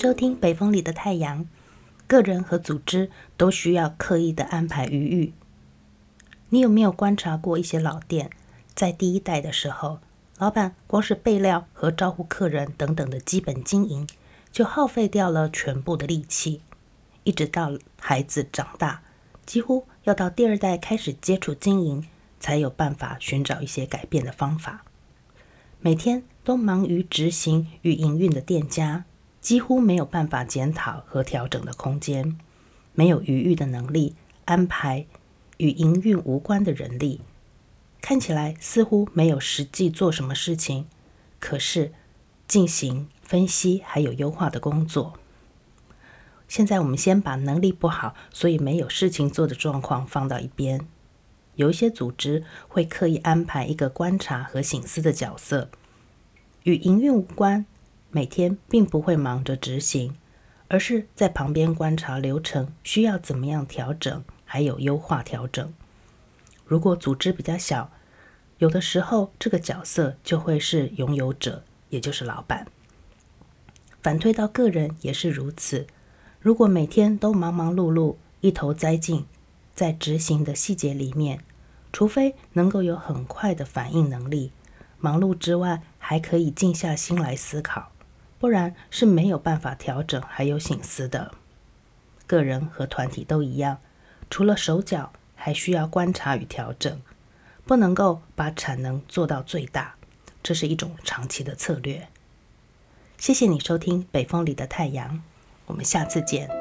收聽北風裡的太陽。個人和組織都需要刻意的安排餘裕。你有沒有觀察過一些老店，在第一代的時候，老闆光是備料和招呼客人等等的基本經營，就耗費掉了全部的力氣。一直到孩子長大，幾乎要到第二代開始接觸經營，才有辦法尋找一些改變的方法。每天都忙於執行與營運的店家。幾乎沒有辦法檢討和調整的空間，沒有餘裕的能力，安排與營運無關的人力，看起來似乎沒有實際做什麼事情，可是進行分析還有優化的工作。現在我們先把能力不好，所以沒有事情做的狀況放到一邊。有一些組織會刻意安排一個觀察和省思的角色，與營運無關。每天並不會忙着執行，而是在旁邊觀察流程需要怎麼樣調整，還有優化調整。如果組織比較小，有的時候這個角色就會是擁有者，也就是老闆。反推到個人也是如此。如果每天都忙忙碌碌，一頭栽進在執行的細節裡面，除非能夠有很快的反應能力，忙碌之外還可以靜下心來思考。不然是沒有辦法調整，還有省思的，個人和團體都一樣，除了手腳，還需要觀察與調整，不能夠把產能做到最大，這是一種長期的策略。謝謝你收聽《北風裡的太陽》，我們下次見。